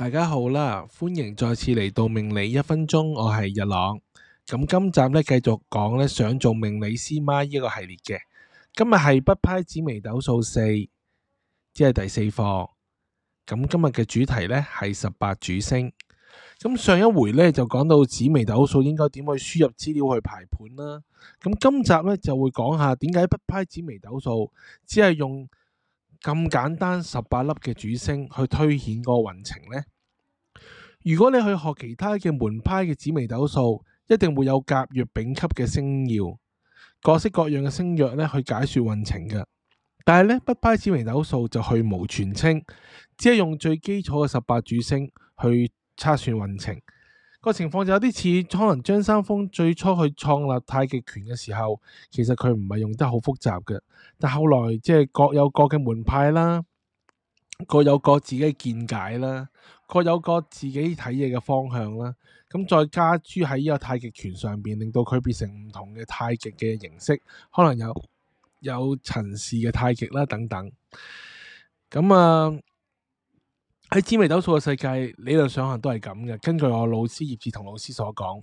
大家好啦，歡迎再次嚟到命理一分鐘，我係日朗。咁今集呢繼續講呢想做命理師嗎呢個系列嘅，今日係北派紫微斗數四，即係第四課。咁今日嘅主題呢係十八主星。咁上一回呢就講到紫微斗數應該點去輸入資料去排盤啦。咁今集呢就會講下點解北派紫微斗數只係用。咁簡單十八粒嘅主星去推衍個運程呢？如果你去學其他嘅門派嘅紫微斗數，一定會有甲乙丙級嘅星曜，各式各樣嘅星曜呢去解說運程㗎。但係呢，北派紫微斗數就去無全稱，只係用最基礎嘅十八主星去測算運程。個情況就有啲似可能張三豐最初去創立太極拳嘅時候，其實佢唔係用得好複雜嘅，但後來即係各有各嘅門派啦，各有各自己見解啦，各有各自己睇嘢嘅方向啦，咁再加諸喺呢個太極拳上邊，令到佢變成唔同嘅太極嘅形式，可能有有陳氏嘅太極啦等等，咁啊。喺紫微斗數嘅世界，理論上可能都係咁嘅。根據我老師葉志同老師所講，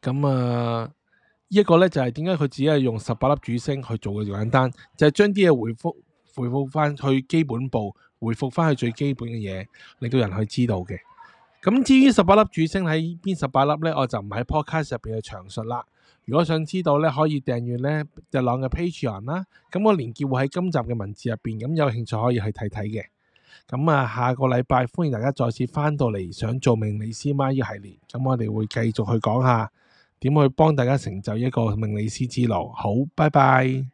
咁啊，一個呢就係點解佢只係用十八粒主星去做嘅？簡單就係將啲嘢回復回復翻去基本步，回復翻去最基本嘅嘢，令到人去知道嘅。咁至於十八粒主星喺邊十八粒呢，我就唔喺 Podcast 入邊去詳述啦。如果想知道呢，可以訂閱呢日朗嘅 Patreon 啦。咁我連結會喺今集嘅文字入邊。咁有興趣可以去睇睇嘅。咁啊、嗯，下個禮拜歡迎大家再次翻到嚟，想做命理師嗎呢系列，咁、嗯、我哋會繼續去講下點去幫大家成就一個命理師之路。好，拜拜。